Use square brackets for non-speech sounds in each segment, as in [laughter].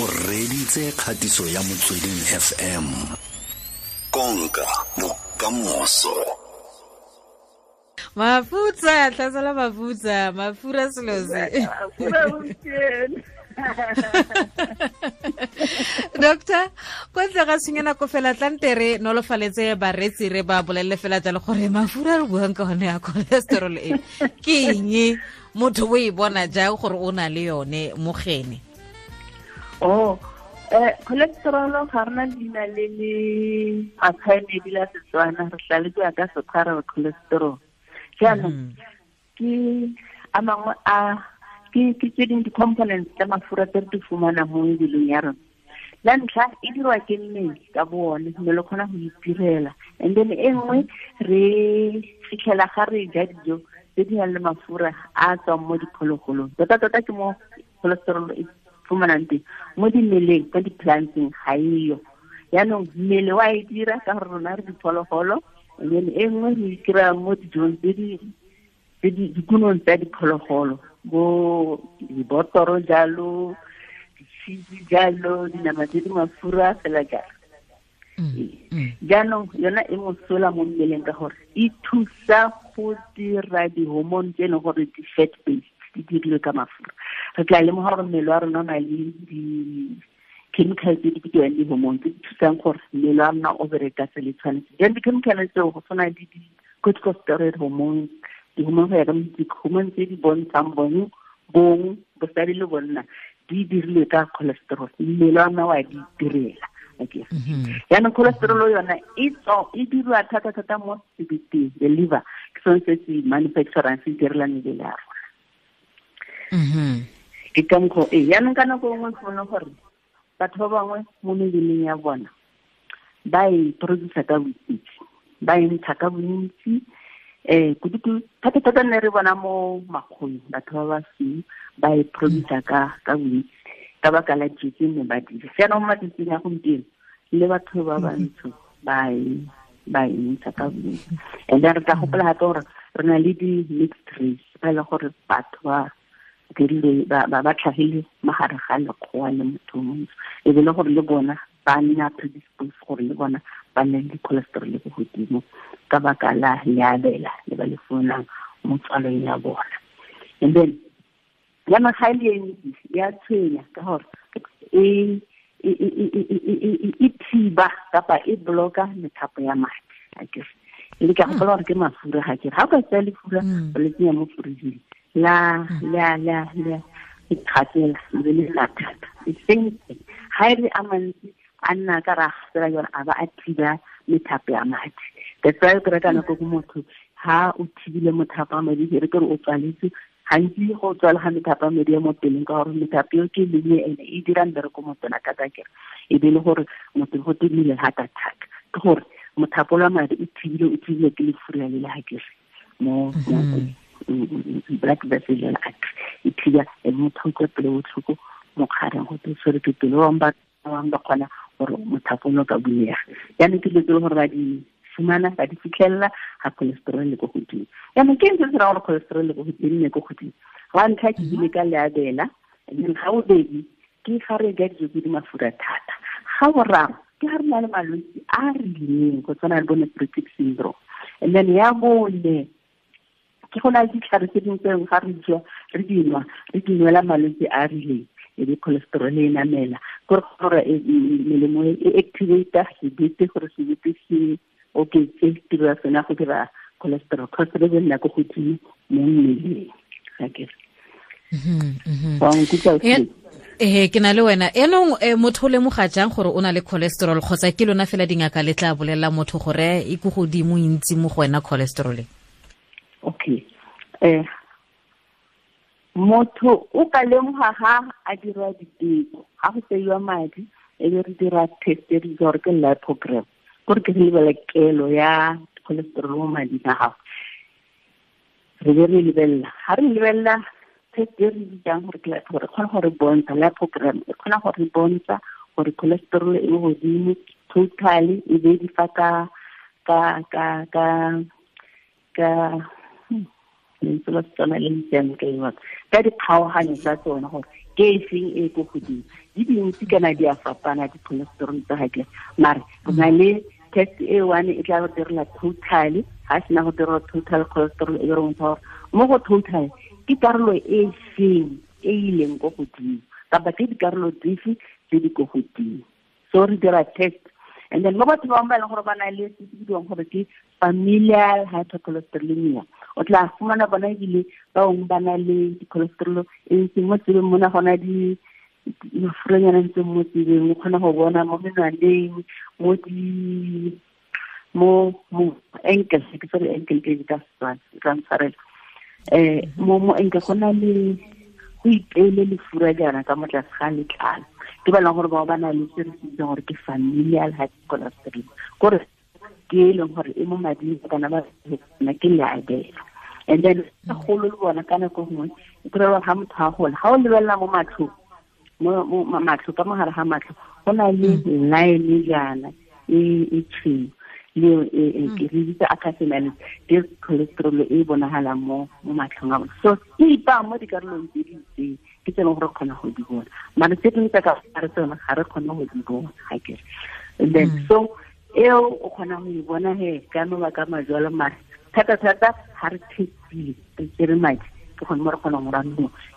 o reditse kgatiso ya motsweding fm konka bokamoso mafutsa tlhasela mafutsa mafura selosi [laughs] doctor kwa ntle ga tshwenya nako fela tlante re nolofaletse bareetsi re ba bolelele fela jalo gore mafura re buang ka one ya cholesterol e ke nye motho o e bona jang gore o na le yone mogene oh um cholesterol ga rena leina le le atshwaemedi la setswana re tlalediwa ka sekhwarel cholesterol jaanong mm. ke a mangwe a ke tse dingwe di-components tsa mafura tse re di fumana mo mebileng ya rona la ntlha e dirwa ke mmele ka boone mmele o kgona go itirela and then e nngwe re fitlhela ga re ja dijo tse di nang le mafura a tswang mo diphologolong tota-tota ke mo cholesterol Foumanante, mwen di mele, kwen di planting, hayi yo. Yanon, mele wa e dira, kan ronari di polo holo, mwen e mwen li kre an mwen di joun, di di, di di kunon sa di polo holo. Bo, di botoron jalo, di chizi jalo, di nabate di mafura, se la jalo. Yanon, yonan e mwen sola mwen mele nga hori. I tou sa, kwen di radi homon, jenon hori di fet pe, di diri yo ka mafura. re tla lemoga gore mmele wa rona na le di-chemicals tse di bidiwang di-hormone tse di thusang gore mmele wa rona o bereka se le tshwanetse then di-chemical tseo go tshwana le di-corticosteroid hormones di-hormone go ya ka hormone tse di bontshang bone bong bosadi le bonna di dirilwe ka cholesterol mmele wa rona wa di direla yaanong mm-hmm. cholesterol yona e dirwa thata-thata mo sebeteng the liver ke sone se se manufacturang se direlang mebele ya rona mm-hmm. Sikanko, e, yanonkana kwenwen kwenwen kwenwen, patwa wanwen, mounen genye avwana. Bayi, produsaka wisi, bayi, misaka wisi, e, kututu, e e e, tatatata nere wanamou makwoy, batwa wasi, bayi, produsaka wisi, tabakalajisi mbati, siyano mbati sinyakonti, le watwe wabansu, bayi, bayi, misaka wisi. E, jan rita hopla hatora, rinalidi, mikstri, pala kore, patwa wasi. ba tlhagile magare ga lekgowa le motho montsho e be le gore le bona ba nna predispose gore le bona ba nne le cholesterol le ko godimo ka baka la leabela le ba le fonang mo tswalong ya bona and then yana ga le ntsi ya tshwenya ka gore e e, e, e, e thiba kapa e bloka methapo ya madi a ke le ka gopola gore ke mafura ga kere ga o ka tsaya lefura o hmm. le mo forijing la la la la ikhatela le le thata the same thing ha re a mantsi a nna ka ra tsela yona a ba le thiba ya mathi that's why ke reka nako go motho ha o thibile mothapo a madi re ke re o tswaletse gantsi go tswala ha methapo a madi ya mo peleng ka gore methapo eo ke lengwe ene e dira ndere go motho na ka ke e bile gore motho go ha heart attack ke gore mothapo la madi o thibile o thibile ke lefura le le hakere mo mo black vessel act e thibja e mo tswe pele o tlhoko mo kgareng go tshwere ke pele ba bangwe ba bangwe ba kgona gore mo mothapolo ka bunyega ya nne ke le tlo gore ba di fumana ba di fitlhelela ga cholesterol le go ko ya jaanong ke ntse tsara gore cholesterol le go godimo nne go godimo ga ntlha ke bile ka le leabela then ga o bobedi ke fa re ga dijo tse di mafura thata ga ra ke ga re na le malwetse a re rileng go tsana le bone pretic syndrome and then ya bone ke go na ditlhare tse dingwe tseo ga re ja re dinwa re dinwela malwetse a a rileng ebe cholesterol e namela kore gore e, e, e, melemo e activata sebete gore sebete se oketse tiro ya sone go dira cholesterol cholesterol e nna ko godimo mo mmeleng ga kere mm-hmm, mm-hmm. wa nkutlwa ke na le wena enong eh, motho o lemoga jang gore o na le cholesterol kgotsa ke lona fela dingaka le tla bolelela motho gore e ko godimo ntsi mo go wena cholesteroleng eh motho o ka lemoga ga a dira diteko ga go tseiwa madi e be re dira test e re itsa gore ke lipogram gore ke lebele ya cholesterol mo mading a gago re be re lebelela ga re lebelela test e re bitsang gore ke gore kgona gore bontsha program e kgona gore bontsha gore cholesterol e godimo totally e be di fa ka ka ka ka ka ntse ba tsana le ntseng ka ima ka di kgaohane tsa tsone go ke se e go godimo di di ntse kana di a fapana di cholesterol tsa ha ke mare ga le test e one e tla go dira total ha se na go dira total cholesterol e re mo tsa mo go total ke karolo e seng e ileng go godimo ka ba ke di karolo dife tse di go godimo so re dira test and then mo batho ba bangwe ba e leng gore ba na le se se bidiwang gore ke familial hypercholesterolemia o tla fumana bona ebile ba bangwe ba na le dicholesterolo ese mo tsebeng mona gona di mafuranyana ntseng mo tsebeng o kgona go bona mo menwaneng mo di mo mo enkel ke tsere enkel ke ka tsana tsana tsarela eh mo mo enkel gona le o ipeele lefura jana ka motlase ga letlalo ke ba leng gore bao ba na le se re sitse gore ke familial hycolostream kore ke e leng gore e mo mading a kana bana ke leabelo and then segolo le bona ka nako nngwe e kry gore ga motho a gola ga o lebelela mo matlho ka mogare ga matlho go na le line jana e tshwenyo Mm. le ke re bitsa ke cholesterol e mo matlhong a so e ipa mo dikarolong tse di itseng ke tse gore go di bona ka re ga re go di bona then mm. so eo go bona he ka thata-thata re ke mo re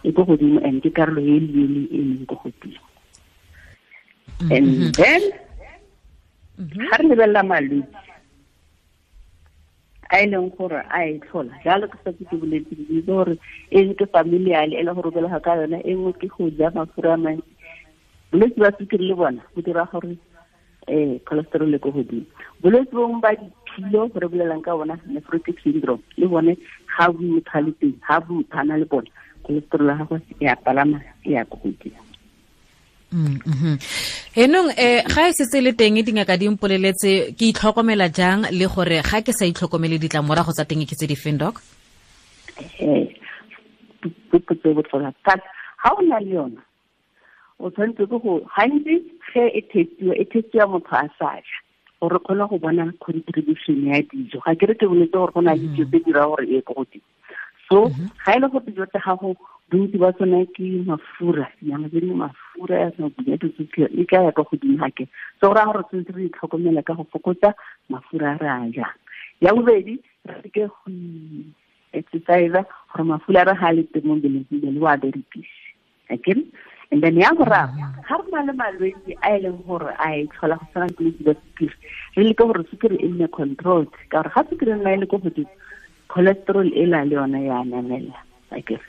e ke e mm-hmm. and then mm-hmm. re malwetse a e leng gore a e tlhola jalo ke sa ke ke boletseng ke gore e ke familiale e le gore belega ka yona e nngwe ke go ja mafura a mantsi bolwetse ba sukiri le bona go dira gore um eh, cholesterol le e ko godimo bolwetse bongwe ba diphilo re bolelang ka bona nephrotic syndrome le bone ga motho teng ga motho le bona cholesterol ya gagwe e a palama e ya ko godimo Mm-hmm. enong um ga e setse le teng dingaka dimpoleletse ke itlhokomela jang le gore ga ke sa itlhokomele ditlamorago tsa teng ke tse di feng doc ga eh, o na le yona o tshwanetse ke go gantsi ge e testiwa e testiwa motho a saja gore kgone go bona contribution ya dijo ga ke re ke boletse gore go na le dijo tse dira gore e ko godimo so ga e le go dijo tsa gago bontsi ba tsone ke mafura nyama tse di mafura nobunyatotsotlhe e ka ya ka godimo gake so go raya gore tsentse re itlhokomela ka go fokotsa mafura a re a jang ya bobedi re seke go exercise gore mafura re ga a le teng mo le wa berekise akere and then ya boraro ga re na le malwetse a e leng gore a e tlhola go tshwana ke bolwetse ba sukiri re leke gore sukiri e nne controlled ka gore ga sukiri nna e le ko godimo cholesterol e la le yona ya namela akere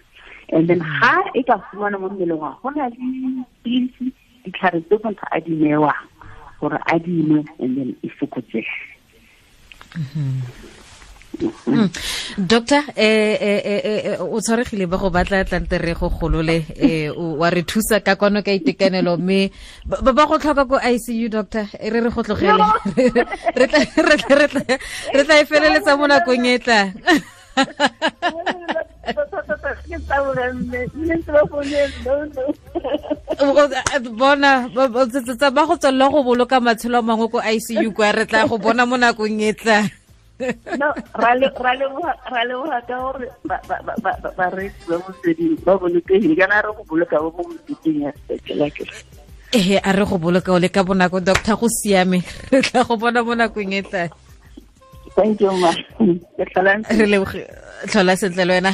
and then ha e ka fumana mo mmeleng wa go na le dipilisi ditlhare tse motho a di newang gore a di and then e fokotsege Hmm. doctor eh, eh, eh, o tshwaregile ba go batla tlante re go golole wa re thusa ka kwano ka itekanelo mme ba ba go tlhoka ko icu doctor e re re go tlogele [laughs] re tla e feleletsa mo nakong e tlang [laughs] bona ba go tswelela go boloka matshelo a mangwe ko icu kwa re tla go bona mo nakong e tlang no ra go ehe a re go boloka o le ka bonako doctor go siame re tla go bona mo nakong e tlang re leboge tlhola sentle le wena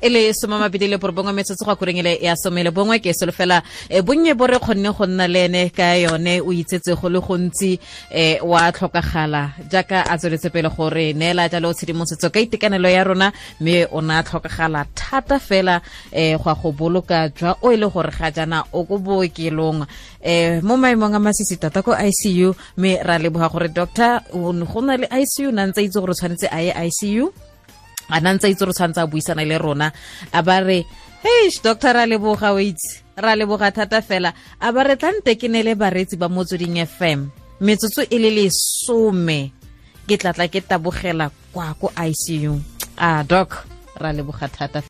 e le somamabedi le borobongwe metsotso go a kureng ele ya e somele bongwe ke solofela e bonnye bo re kgonne go nna le ene ka yone o itsetse go le gontsi um wa tlhokagala jaaka a tsweletse pele gore neela jalo tshedimosetso ka itekanelo ya rona mme o ne a tlhokagala thata fela um go a go boloka jwa o e le gore ga jaana o ko bookelong um mo maemong a masisi tata ko icu mme ra leboga gore doctor go na le icu na ntse itse gore tshwanetse a ye icu a nantsa itse re tshwanetse a buisana le rona a ba re heish doctor ra leboga o itse ra leboga thata fela a ba re tla nte ke ne le bareetsi ba motsweding fm metsotso e le lesome ke tlatla ke tabogela kwa ko icu a ah, doc ra leboga thata